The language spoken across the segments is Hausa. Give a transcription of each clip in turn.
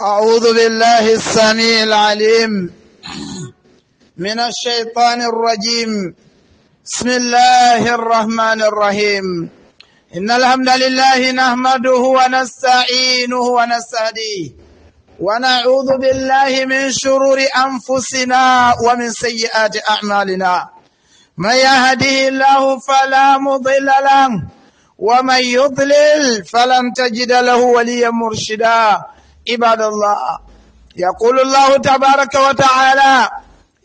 أعوذ بالله السميع العليم من الشيطان الرجيم بسم الله الرحمن الرحيم إن الحمد لله نحمده ونستعينه ونستهديه ونعوذ بالله من شرور أنفسنا ومن سيئات أعمالنا من يهده الله فلا مضل له ومن يضلل فلن تجد له وليا مرشدا عباد الله يقول الله تبارك وتعالى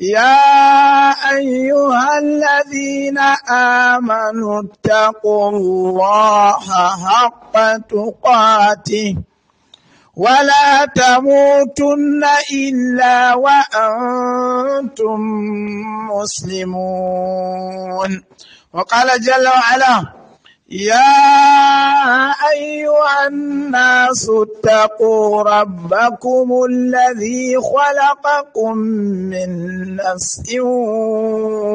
يا أيها الذين آمنوا اتقوا الله حق تقاته ولا تموتن إلا وأنتم مسلمون وقال جل وعلا يا أيها الناس اتقوا ربكم الذي خلقكم من نفس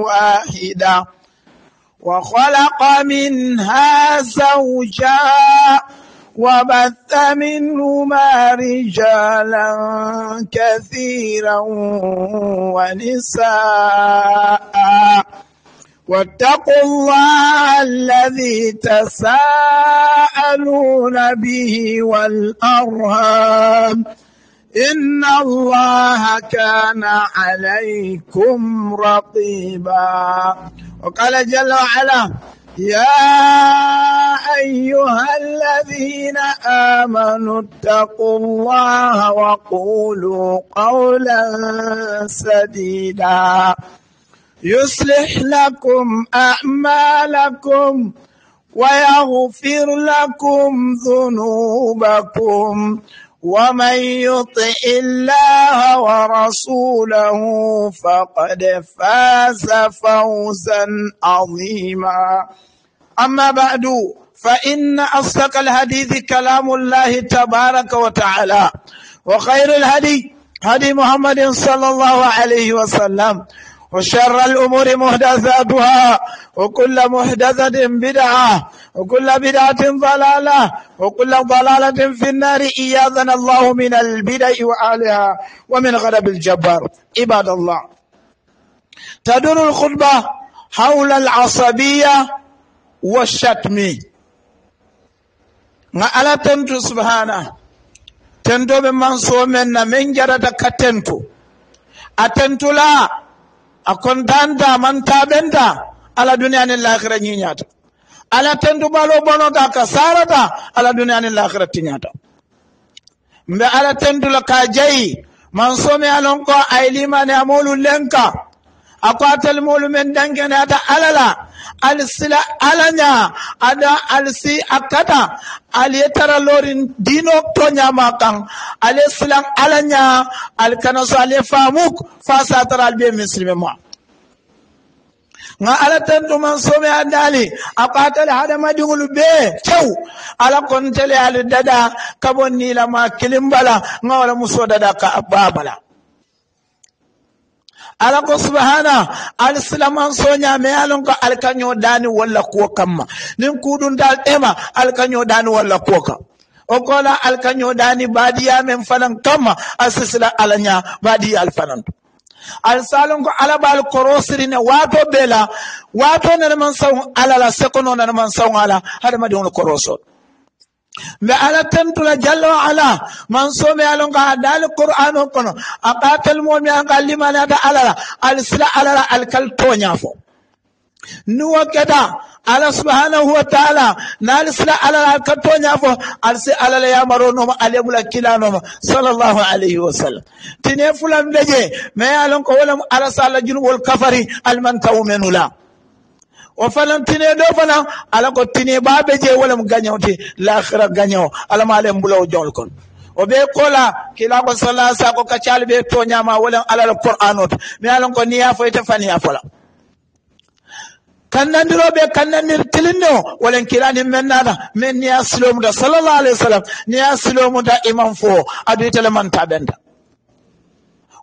واحدة وخلق منها زوجا وبث منهما رجالا كثيرا ونساء واتقوا الله الذي تساءلون به والأرهام إن الله كان عليكم رقيبا وقال جل وعلا يا أيها الذين آمنوا اتقوا الله وقولوا قولا سديدا يصلح لكم أعمالكم ويغفر لكم ذنوبكم ومن يطع الله ورسوله فقد فاز فوزا عظيما أما بعد فإن أصدق الحديث كلام الله تبارك وتعالى وخير الهدي هدي محمد صلى الله عليه وسلم وشر الأمور محدثاتها وكل محدثة بدعة وكل بدعة ضلالة وكل ضلالة في النار إياذنا الله من البدع وأهلها ومن غضب الجبار عباد الله تدور الخطبة حول العصبية والشتم ما ألا تنتو سبحانه تنتو بمن صومنا من جرد كتنتو أتنتو لا akon da man tabenta ala duniya duniyanin lahira ñiñata ala tendu bono bonota ka sarata ala duniya duniyanin lahira tiñata mbe ala la ka jayi man somi alon ko ay limane amulu lenka akwa tal mulu men dangena ta alala alisila alanya ada alisi akata ali tara lorin dino tonya nyama kan alanya al so famuk fa tara al ma nga ala tan to man so me adali akata al hada madingul be tew ala kon tele ala dada kabon ni la ma kilimbala nga wala muso dada ka ababala ala ko subhana al silaman sonya me alon ko al kanyo dani wala ko kamma nin kudun dal tema al kanyo dani wala ko ka o kola al kanyo dani badiya men fanan kamma asisila alanya badiya al fanan al salon ko ala bal korosiri ne wato bela wato nan man sawon alala, la sekono nan man sawon ala hada madon korosot mbe ala tentula jalla wa ala man somi alon ko ha daali qur'an on kono a ɓatel momi an ka limanade alala alisila alala alkal toña fo ni wa keta ala subhanahu wa taala na alisila alala alkal toña fo alisi alala yamaronoma alemula kilanoma sallllahu alayhi wa sallam tine fulan ɓe me mais alon ko wolam ala sa allah junubol kafari almantawumenula o fana tine do fana ala ko tine ba be je mu gañaw ti lahira gañaw alamalen mbulaw jol kon o be kola ko sala sa ko be to nyama walan ala alquran oto mi ala ko niya fani ya fola kannandiroɓe kannandir tilinne o walan kilani men nana men niya silomu da sallallahu alaihi wasallam niya da imam fo ta itelemantaɓenda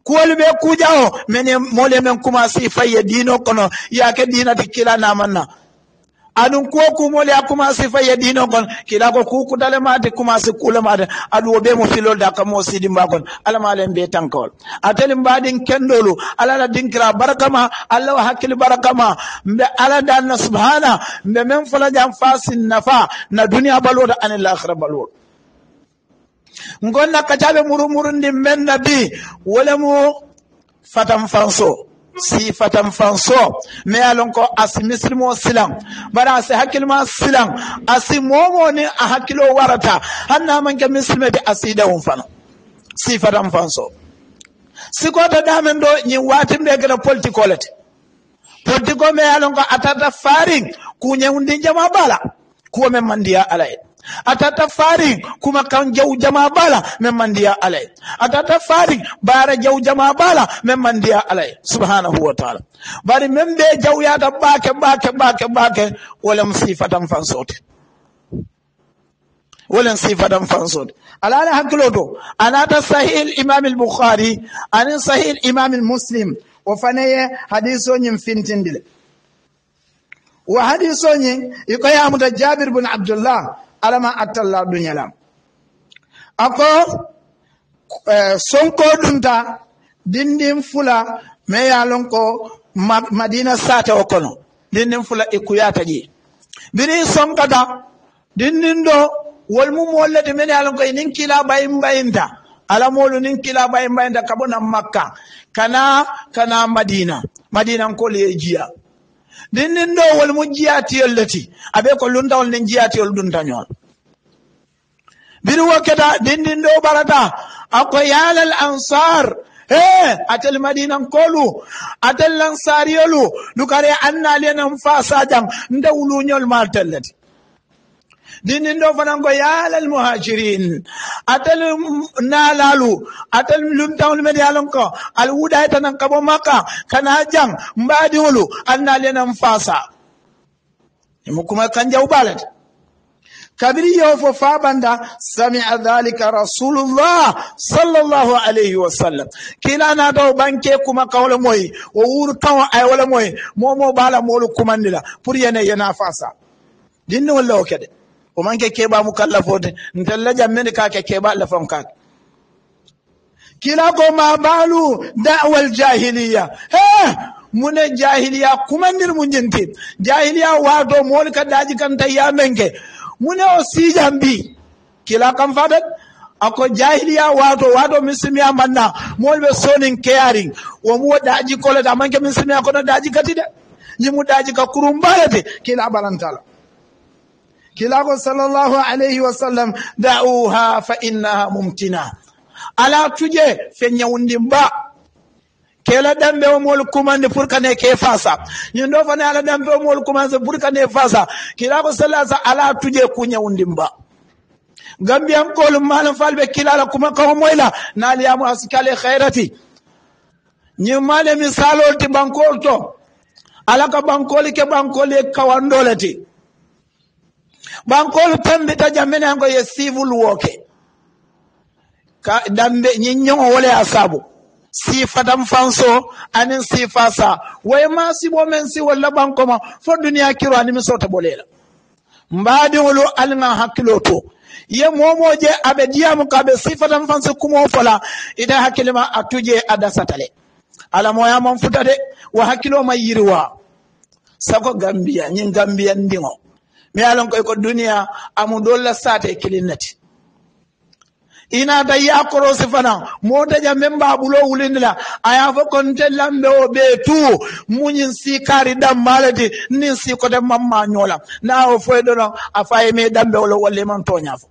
Kuwali be kujawo mene mole men commencé fayye diino kono kila diinati kilanamanna aɗum kuwo kumole a commencé fayye diino kono kila ko ku kukutale mate commencé kuule mate aɗum o be mo da ka mo sidi mba kon alamalen be tankawol ateli mbaɗin kendolu la dinkira baraka ma allah o hakkille baraka mbe ala na subhana mbe men fala jam fasin nafa na duniya balwoto anil ahira balwoto gonna kacaɓe murumurundi men na bi wolemu fatan fanso si fatan fanso me ye lon ko asi misilimo silan bari asi hakkilma silan asi momo ni a hakilo warata han namanke bi be asidenwu fana si fatan fanso da damen ɗo ni wati gena politico lete politico me alon ko atata farin undin jama bala kuwo men mandiya ala ta farin kuma kan jaw jama bala men mandiya alay ta farin bara jaw jama bala men mandiya alai subhanahu wa taala bari men be jaw ta bake bake bake bake walam sifatan fansote walan sifatan fansote ala ala hakkiloto anata sahih imam al-bukhari ani sahih imam muslim o fanaye hadiso ñin fintindile wa hadiso ñin ikoyamuta jabir bun abdullah alama atalla dunyala yalam ako eh, sonko dunta dindin fula me yalon ko madina sata o kono dindin fula ikuyata je. biri sonkata dindin ɗo wolmum wollete men yalon ko nin kila bayin bayinta alamolu nin kila bayin bayinta kabona makka kana kana madina madina ko le jiya din din do wal mu jiyatiyol leti aɓe ko luntawol nden jiyatiyol ɗum tañol biri wokketa din din do barata ako yalal ansar he atel kolu atel lansariyolu lukare annaliyanan fasajan nde wuluñol ma telleti dinin do fana ko ya yalal muhajirin atal nalalu atal lum tawl med yalon ko al wuda tanan kabo maka kana jang mbadi wulu anna lenan fasa mu kuma kan jaw balat kabiri yo fo fabanda sami'a dhalika rasulullah sallallahu alaihi wa sallam kila na do banke kuma kawla moy o wur kaw ay wala moy momo bala molu kumandila pour yene yana fasa dinno wala o kede o man ke ba mu kallafo fote ntella jammin ka ke keba lafan ka. kake kila ko ma balu da'wal jahiliya he eh, mune jahiliya nir mun jinte jahiliya wato mol ka daji kan ta ya menke mune o sijan bi kila kan fadat ako jahiliya wato wato misilmiya manna mol be sonin keyarin wo mu daji kola da manke misilmiya kono daji kati ni mu daji ka kurumbalete kila balantala sallallahu كلاغ صلى الله عليه وسلم دعوها فإنها ممتنة ألا تجي فين يوندين kela dambe o mol kumande furka ne ke fasa nyindo fana ala dambe o mol ne pour kane fasa kila ko sallasa ala tuje kunya undimba gambi am kol malam falbe kila la kuma ko moyla nali amu askale khairati nyi male misalo ti bankol to ala ka bankol ke bankol e kawandolati ɓankolu pembe taja mene anko ye civil woke ka dambe ñiñoŋo wole a saabu sifatan fanso anin sifa sa way ma sibo men si walla ɓanko ma fo duniya kiro animi sota ɓolela mbaɗiŋolu alga hakkilo to ye momoje aɓe diyamu ka ɓe sifatan fansi kumo fola ita hakkilema a tuje a dasatale alamoyaman futa de wo hakkilo ma yiriwa sago gambiya ñin gambiyandiŋo mi alon koye ko duniya amu dolla sate e kilinnati inata yakorosi fana motaja men mbaɓulo wulindila aya fo te lambe o be tu ɓe tuwo muñin sikari dammaleti nin sikote mamma ñoola na o foye ɗono a fayimi e damɓe olo walle man bela toña fo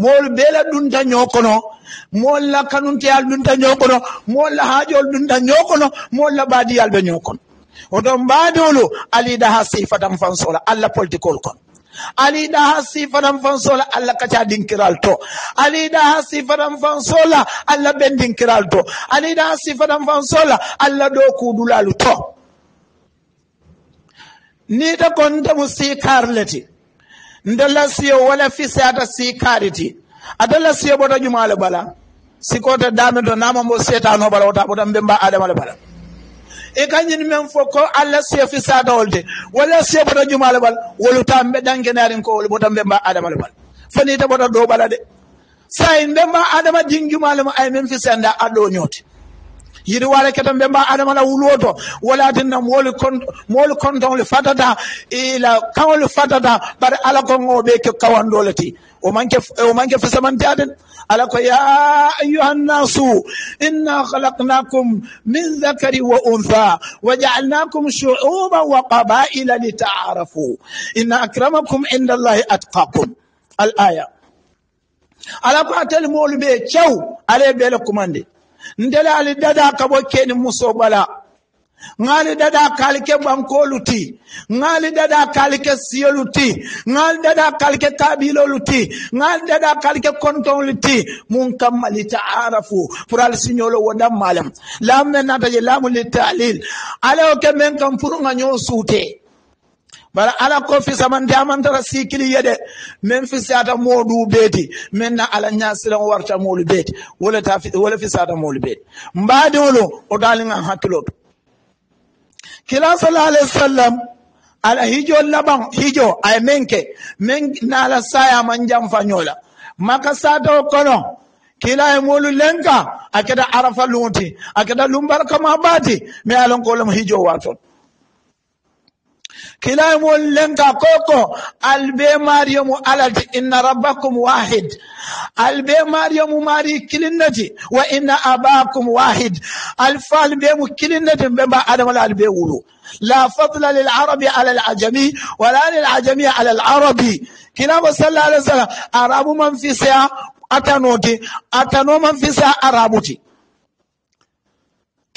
moolu beela ɗunta ñokono molla kanunteya ɗunta ñokono molla haajol ɗunta ñokono molla baadiyal ɓe ñokono oɗon mbaadolo aliɗa ha sifatam fansola allah politicol kon aliɗa ha sifatam fansola allah kaca dinkiral to aliɗa ha sifatam fansola allah ben dinkiral to aliɗa ha sifatam fansola allah ɗo kuɗulalu to niɗa kontemu sikarleti ndella siyo wala fi fisata sikariti adala siyo ɓota jumale bala sikota dame to namamo setano bala wota ɓotan ɓemba adama le bala e gañin men fo ko allah seefi sadawol de walla seeboto jumala bal woluta mbe ɗangenarin ko wol botan mbemba adama bal fanita ɓota dow ɓala de sayin mbemba adama din jumala mo ay men fi senda addo ñoote yiɗi waale ketan ɓe mba adamana wuloto walatinna moolu moolu kontonle fatata ila kaŋole fatata bare ala kongo ɓe ke kawandole ti o manke o manke fesamantiaden ala ko ya ayuha nnasu inna halaknakum min dhakari wa untha wa jaalnakum shuuban wa qabaila litaarafu inna akramakum inda allahi atqakum al aya ala ko atel moolu ɓe cew ala e ɓeele kumande ndele ali dada kabo keni muso bala ngali dada kalike bankoluti ngali dada kalike siyoluti ngali dada kalike luti ngali dada kalike luti. mun kamma taarafu pour al siñolo wo dammalem lamu men nataje lamu litalil ala o ke men kam pour nga ñoo suutee bara ala ko fisa man tara sikili yede min fisata modu beti min na ala ñasilan warta molu beti wala ta wala fisata molu beti wolo o dalinga hakkiloto kila sallallahu alaihi wasallam ala hijo laban hijo ay menke men na ala saya man jam fanyola maka sato kono kila e molu lenka akeda arafa lunti akeda lumbar kama bati me alon kolam hijo warton kilaymol lenga koko albe mariyamu alati inna rabbakum wahid albe mariyamu mari kilinnati wa inna abakum wahid alfa albe mu kilinnati be ba adam albe wuro لا فضل للعرب على العجمي ولا للعجمي على العربي كلام صلى الله عليه وسلم عرب من في سيا أتنوتي أتنو من fi سيا arabuti.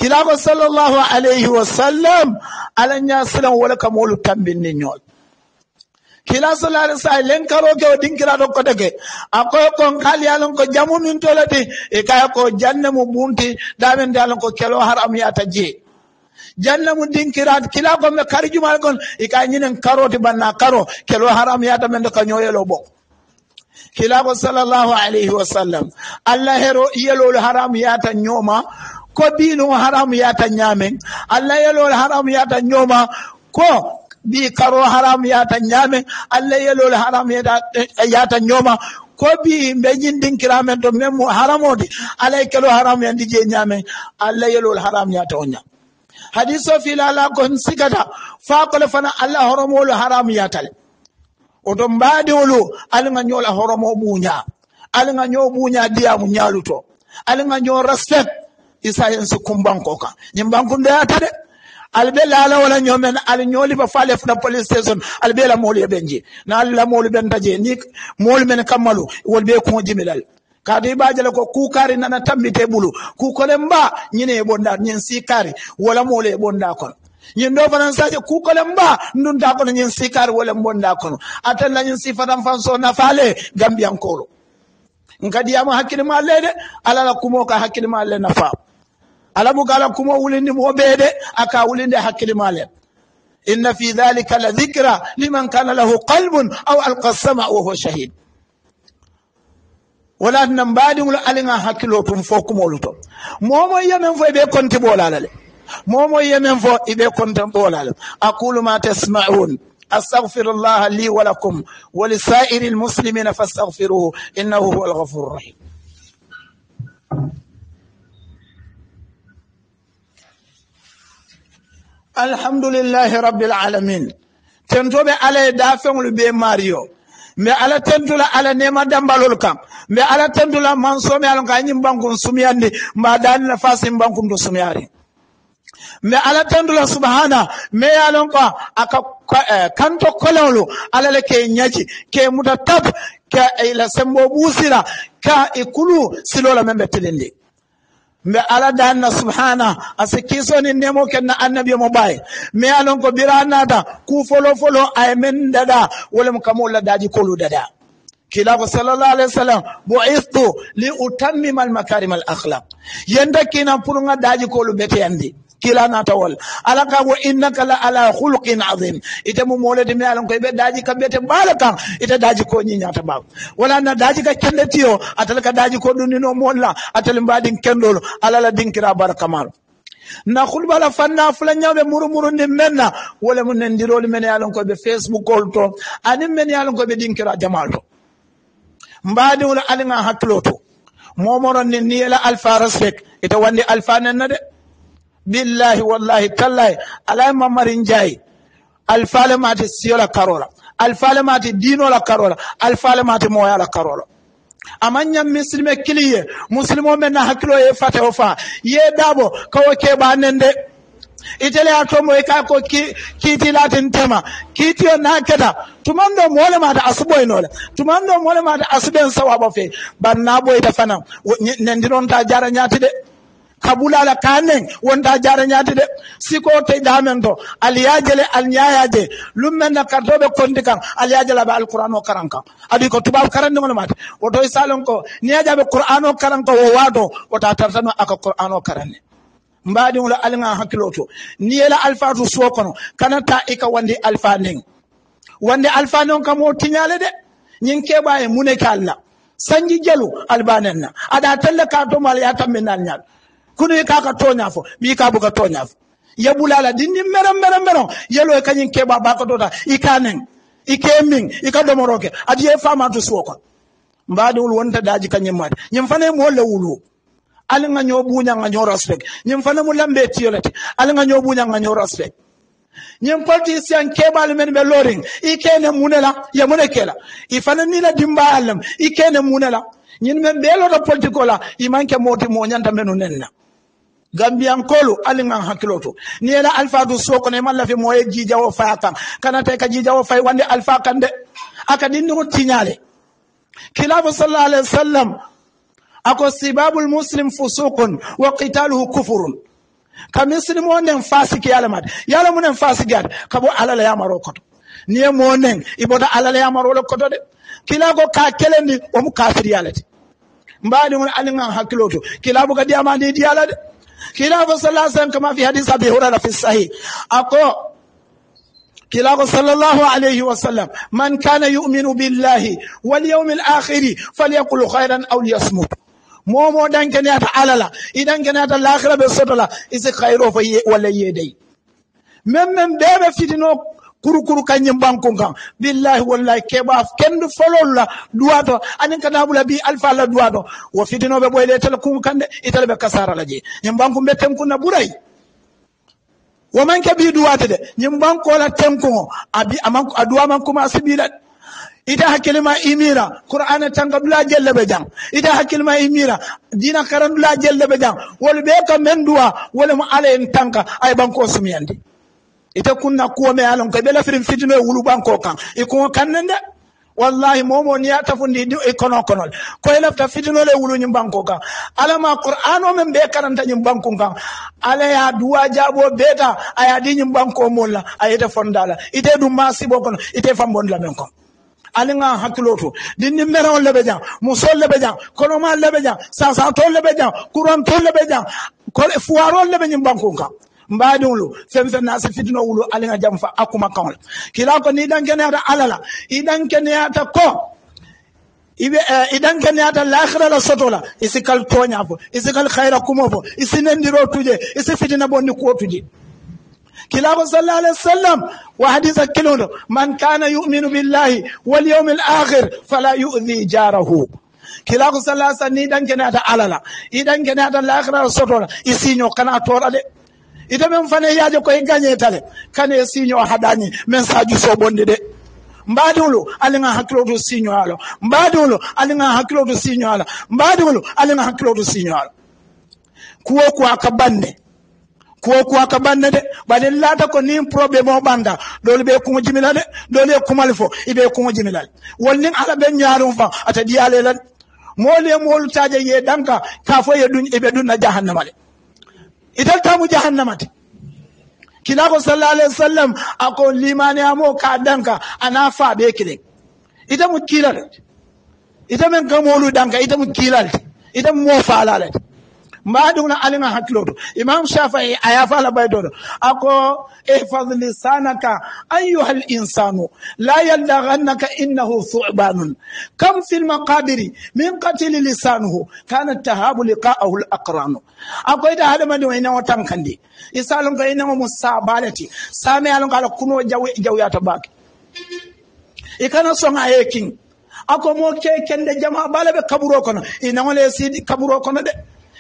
kilaba sallallahu alaihi wa sallam alan ya silan wala kamolu tambin ni nyol kila sallallahu sa len karo ke din kila do ko dege ako ko kali alon ko jamu min tolati e kay ko janna mu bunti damen dalon ko kelo haram ya taje janna mu dinkira kila ko me kari juma gon e kay nyinen karoti banna karo kelo haram ya tamen ko nyoyelo bo kila ko sallallahu alaihi wasallam allah hero yelo haram ya ta nyoma ko biilum haramu ya ta nyame, allah ya yelol haramu ya ta nyoma ko bi karo haramu ya ta nyame, allah ya yelol haramu ya ta nyoma ko bi mbe ñindinkiramen to même di alay kelo haramu ya je nyame. allah ya yelol haramu ya ta onya hadiso la kon sigata fa ko le fana allah horomolu haramu yatale oto mbaadiwolu aliŋa ñola horomo al nga ño diamu diyamu al nga ño respect kun isayensi kumbankoka ñiŋ bankundo yata de ali be laala wala ñoomen ali ñooli ba faale fula police station ali be la moolu ye ben je naali la moolu benta je ni moolu men kammalu wolu be kuŋo jimilal kaatu i b'a je ko kuukaari nana tambite bulu kuukolen ba ñine ye bonda ñiŋ siikaari wala moolu ye bonda kono ñin ɗo fanan saje kukolen ba ndunta kono ñin sikari wolen bonda kono atella ñin sifatan fan so nafale gambiyankoro nkadiyama hakkille ma leyde alala kumo ka hakkille le nafa alamugala kuma wulindi moɓeede aka wulinde hakkille malen inna fi dhalika la dhicra liman kana lahu qalbun aw alqa sama wa huwa shahid wala nan mbaɗiŋol aliŋa hakilo tum fo kuma to momo yiya men fo be konti ɓolala le momo yiya men fo eɓe konten ɓolala aqulu ma tasmaun استغفر الله لي ولكم ولسائر المسلمين فاستغفروه انه هو الغفور الرحيم alhamdulillahi rabbil alamin tento be ala da dafeŋolu be mario me ala tentula ala nema dambalol kam me ala tentula man somi ala ka ñim bankun sumiyandi mba danila fasim bankun to sumiyari me ala tentula subhana me yalon ko aka eh, kanto kololu ala le ke nyaji ke muta tab ke ila sembo busira ka ikulu silola membe ɓe mbe aladana hanna subhana asa kisonin nemo kenna annabi mo ɓaye Me alon ko bira nata ku folo folo aye men dada wolemo kamolla daji kolu dada kilafo sallallah alayhi wa sallam boistu li utammima almakarima al akhlaq yenda kinan pour ga daji kolu beteyandi Kila na tawal ala ka wo innaka la ala khuluqin azim ite mu mole de mialan ko be daji kambe te balaka ite daji ko nyi nyata ba wala na daji ka kende tiyo atal ka daji ko dunni no molla atal mbadi kendol ala la dinkira barakamal na kulbala fanna fula muru murumurundi men na mun mu nendiroli men yalon be facebook ol to anin men yalon koɓe ɗinkira jamal to mbadiwla aliga hakkilo hatloto momoron ni ni yela alfa respect ita wandi alfa nen na de billahi wallahi tallahi alay mamarin jayi alfalemate siyola karola alfalemate dinola karola moya la karola aman ñam misilime kiliye musilimo men na hakkilo ye fate o fa ye daabo kawo keɓa nen de itele a tomo e ka ko kiti latin tema kiitiyo na keta tuman ɗo moole mata asuɓoynole tuman ɗo moole mata asuɓen sawaɓo fe ban na da fana ta jara ñaati de kabula la kanen wonda jara nyaade de siko te damen do aliyajele alnyaaje lummen na kartobe kondi kan aliyajele ba o karanka adi ko tubab karande ngol mate o do salon ko niaja be o karanka o wado o ta tartano aka qur'ano karande mbadi wala alnga hakiloto niyela alfatu suwo kono kanata ka wandi alfa nen wande alfa non kam o tiñale de nyin ke e munekalla allah sanji jelu albanenna na aɗa telle ka tomo ala yatanɓe nal ñal kunu ka ka to nyafo mi ka ka to nyafo ya bulala dindi meram meram meram yelo ka nyin keba ba ka to da i ike min ika do moroke adiye fama to suwa mbaade wol wonta daaji kañum maade ñim fana mo lawulo ala nga ñoo buuña nga ñoo respect ñim fana mo lambe tiyolete ala nga ñoo buuña nga ñoo respect ñim politicien keɓaali men ɓe lorin i kene munela ne ke la i ni nina dimba allam i ke ne munela ñin men ɓeeloto politique ola i manque mooti moñanta menu nenna gambiyankolu ali ŋan hakkilo to ni yela alfa du so ne ima lafi moye jijawo faya kana te ka jijawo fay wande alfa kan de aka dindiŋo tiñale kilafu sallah sallallahu alaihi wasallam ako sibabul muslim fusukun wa qitaluhu kufurun ka muslim wonen fasiki yalamade yalamu nen fasikiyade ka bo alala ya yamaro koto ni e monen nen i bota alala yamaro le koto de kilago ka kelendi omu kafiriyalete mbaɗi on ali ŋan hakkilo to kilabu ka diyamandi diyala de khilafu sallallahu alaihi wasallam kama fi hadith abi hurairah fi sahih aqo sallallahu alaihi wasallam man kana yu'minu billahi wal yawmil akhir falyaqul khairan aw liyasmut momo danke ne ata alala idan ke ne ata lakhirah be sotala isi khairu fa ye wala ye dai memem debe fitino kurukuru kanyin bankun kan billahi wallahi keɓa kendu fololla duwato anin kana bula bi alfa la duwato wo be ɓoyle tele kun kande be kasara la je ñin bankum ɓe tenkunna man ke bi duwate de la tem ko abi a man kuma siɓilat ita ma imira qur'ana tanga dula jelle be jang ita ma imira dina karan dula jelle be jang wol be ka men duwa wolemo ale en tanka ay banko sumiyandi ite kunna kuwa kuwome alon ko ɓe lafirin fitino e wulubanko kan e kuŋo kanne nde wallahi momo ni yata fundi di e kono konol koye lafta fitinole e wuluñum banko kan alama qur'an o men ɓe karanta ñum banko kan ala ya duwa jaabo beeta aya ɗiñum banko molla a yete fondala ite ɗum ma sibo kono ite fambondla men kon aliŋa hakkilo to dinni mereŋol le be jaŋ musol le be jaŋ konomal le be jaŋ sasatol le be jaŋ kurantol le be jaŋ fuwarol le be ñum banko kan mbaadiŋolu fem fem na a si fitinoo wulu ali ŋa fa akuma kuma la kila ko ni dan kenya ta alala la i daŋ keneyata ko idan ka ne ata lahira la soto la isi kal tonya fo isikal khaira kuma fo isi nendiro tuje isi fitina bonni ko tuje كلاب صلى الله عليه وسلم وحديث كلونه من كان يؤمن بالله واليوم الآخر فلا يؤذي جاره كلاب صلى الله عليه وسلم إذا كان هذا على لا إذا كان هذا الآخر سطولا يسينو قناة تورا ite men fane yaaje koye gañe tale kane signe o haɗani min saju so ɓonde de mbaɗiwlo aliga hakkilo to signe ala mbaɗiwlo aliga hakkilo to signe ala mbaɗiwlo aliga hakkilo to signe ala Kuwa kuwa ka bande kuwo kuwa ka bande de ɓaɗen lata ko nin probléme o ɓanda Dole ɓe kuma jimila de ɗole kumali fo iɓe kuŋo jimilal wonnin ala ɓen ñaarum fa ata ɗiyalelan moole moolu taaje ye ɗanka ka fo ye ɗum eɓe ɗum na jahannama de idan ta mu jahannama ta kina ko sallallahu alaihi wasallam ako limani amo ka danka ana fa be kire ita mu kilal ita men gamolu danka ita mu kilal ita mu fa alal na alina hakkiloto imam shafai a yafala baydoɗo ako ihfad lisanaka ayuha l insanu la yallagannaka innahu thubanun kam fil maqabiri min katili lisanuhu kana tahabu liqa'ahu l aqranu akoyta haɗamadi o inawo tankandi isalon ko inawo mo sabalati same alon ko ala kuno jawyata bake i kana son a ako mo ke kende jama balabe kaburo kono inawole sidi kaburo kono de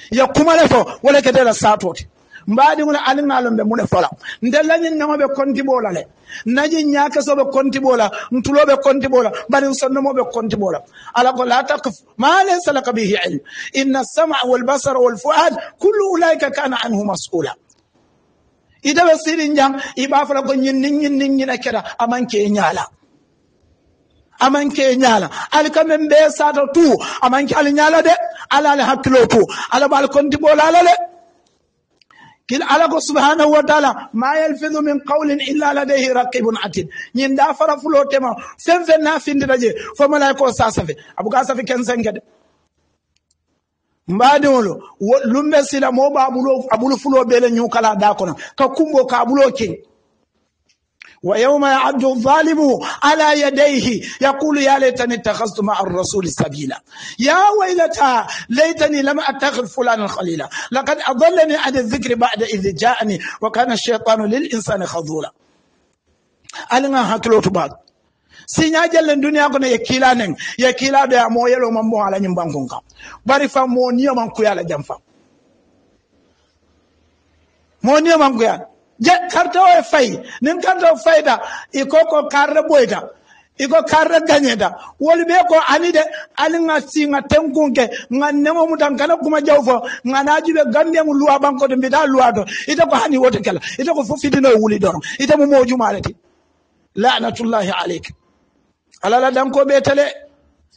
Ya kuma le fo wo le kete la satoti mbaɗiŋol alinalonɓe mune fola nde lañin namoɓe kontiɓola le naji ñakesoɓe kontiɓola ntuloɓe kontiɓola mbaɗin sonnomoɓe kontiɓola ala ko la takf ma laysa laka bihi ilm inna sama wal basara walbasara walfuad kullu ulaika kana anhu masula idaɓe siɗin jang iɓa fola ko ñinnin ñinnin ñina keɗa amanke ñala amanke ñala alkamen ɓe sata tu amanke ala ñala de alale hakkilo to alaɓaal kondiɓol lalale, kil ala ko subhanahu wa taala ma yalfidhu min qawlin illa ladayhi raqibun atid nyin da fara fulo tema fen fen na findi je fo malay ko sa safe abuka safe ken senkede wolo lumbe sila mo babulo abulo fulo bele nyukala da kono ka kumbo ka abulo ويوم يعد الظالم على يديه يقول يا ليتني اتخذت مع الرسول سبيلا يا ويلتى ليتني لم اتخذ فلانا خليلا لقد اضلني عن الذكر بعد اذ جاءني وكان الشيطان للانسان خذولا alga hakkilo to baat siña jellen duniya kono ye kiila nen ye kiila ɗo a mo yelo man mo bankun kam bari fa mo niyo man kuyala la jamfa, mo niyo man kuyala wai e fayi nin fai da iko ko boy da iko ganye da, wali be ko ani de ani ga si ga tenkunke nga nemo mutan kana kuma nga na ga gande mu luwa de mbiɗa luwa do ita ko hani wote kala ita ko fo fitinoye wuli ita ite mo ala lanatullahi dan alala be tele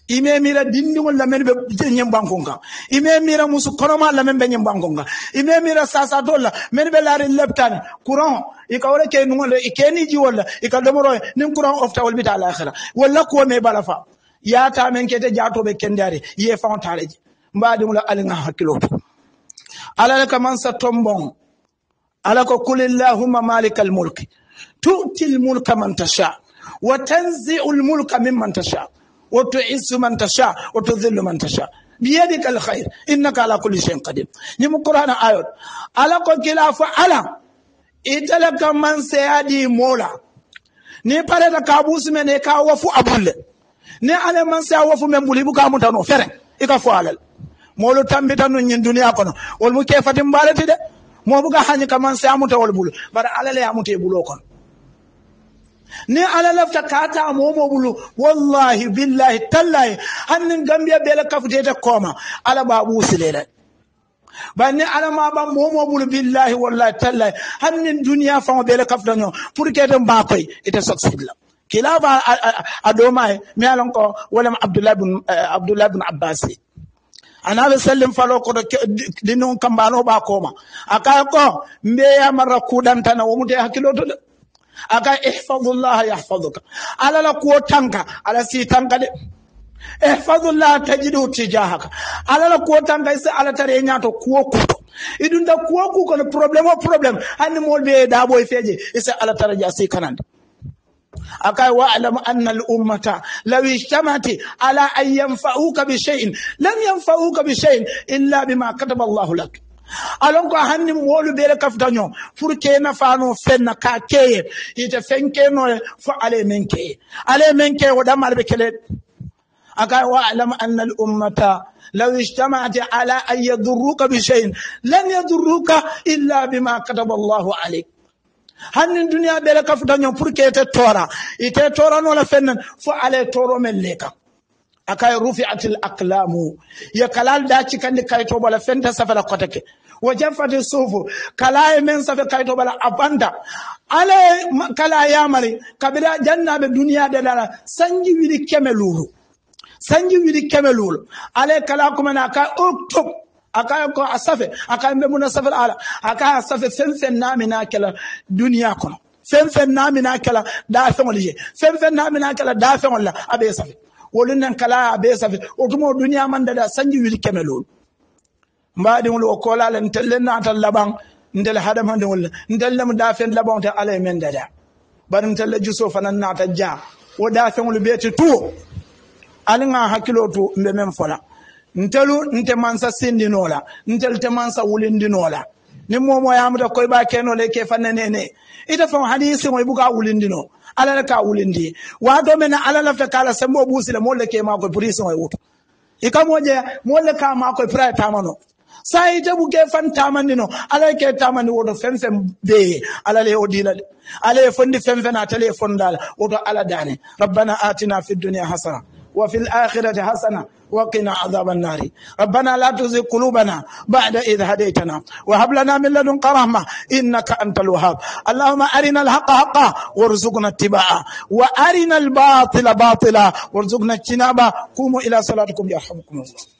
ime mira dindiŋol lamen be ñem bankon kan ime mira musu konoma lamen be ñem ka kan ime mira sasatol la men be laarin leptani courant i ka wole ke nuŋol i keni ji wala i ka domoro nin courant ofta wol bita alakhira wala ko me balafa ya ta men kete jato be kendari ye faŋo taale je mbaɗiŋola aliŋa hakkilo to ala le ka mansa tombon ala ko kulillahumma malika almulki tu'ti almulka man tasha wa tanzi'u almulka mimman tasha وتعز من تشاء وتذل من تشاء بيدك الخير إنك على كل شيء قدير نمو قرآن آيات على كلا فعلا إتلك من سيادي مولا ni pare da kabusi me ne ka wafu abulle ne ale man sa wafu me buli buka mun tano fere ika fo alal molu tambi tanu nyin duniya kono wol mu ke fatim balati de mo buka ka kaman sa mun tawol bulu bar alale ya mun bulo kono ni ala lafta kata momo bulu wallahi billahi tallahi hannin gambiya bela ta koma ala ba ba ni ala ma ba momo bulu billahi wallahi tallahi hannin duniya fa bela kafuta nyo pour que dem ba koy ita succeed la kilaba adoma mi alon ko wala abdullah bin eh, abdullah bin abbasi anaɓe sellin falo koto ɗinnon kambano ba koma aka ko mbeya marra kuɗantana womude hakilo to aka ihfazullah yahfazuka ala la kuwo tanka ala si tanka de ihfazullah tajidu tijahaka ala la kuwo tanka isa ala tare nyato ko kuko idun da kuwo kuko no problem o problem hanni mol be da boy feje isa ala tare ja si kanande akai alam anna al-ummata law ishtamati ala an fa'uka bi shay'in lam yanfa'uka bi shay'in illa bima kataba Allah lak alon ko hanni wolu bele kaftaño pour ke nafano fenna ka keye ite fen kenoye fo ale men ale men o ɗam alɓe kele أكا واعلم أن الأمة لو اجتمعت على أن يضروك بشيء لن يضروك إلا بما كتب الله عليك hannin duniya bele ka futa ñon pour ke ite tora ite tora nola fo ale toro men le kan akai atil aklamu ya kalal da ci kan kai to bala fenta safala kotake wajen fati sufu kala men safe kai a bala abanda ale kala ya mari kabila janna be duniya da dala sanji wiri kemeluru sanji wiri kemeluru ale kala kuma na ka oktob aka ko asafe aka mbe muna safe ala aka asafe fenfen mina kala duniya kono fenfen mina kala da fenolije fenfen mina kala da fenolla abe safe nan kala be safi otumo duniya man dada sanji wili kemelol mbaɗiŋol o kolalen tellen natal laɓan ndel hadamadiŋol ndel da fen laban ala e men dada baɗum telle juso fanan nata ja wol beti tu tuwo nga hakilo tu mbe men fola ntelu nte mansa sindinola ntel te mansa wulindinola ni momo yamuta koye ɓa kenola e ke fanne ne. ita fam haɗi siŋo e ɓuka wulindino alala ka wulindi wato mena alala fe kala sembo busi le molle ke mako prison e wuto ika moje molle ka mako pra tamano sai ta buke fan tamani no ala ke tamani wodo fem fem be ala le odila ala e fondi na atale fondala wodo ala dane rabbana atina fid dunya hasana وفي الآخرة حسنة وقنا عذاب النار ربنا لا تزغ قلوبنا بعد إذ هديتنا وهب لنا من لدنك رحمة إنك أنت الوهاب اللهم أرنا الحق حقا وارزقنا اتباعه وأرنا الباطل باطلا وارزقنا اجتنابه قوموا إلى صلاتكم يرحمكم الله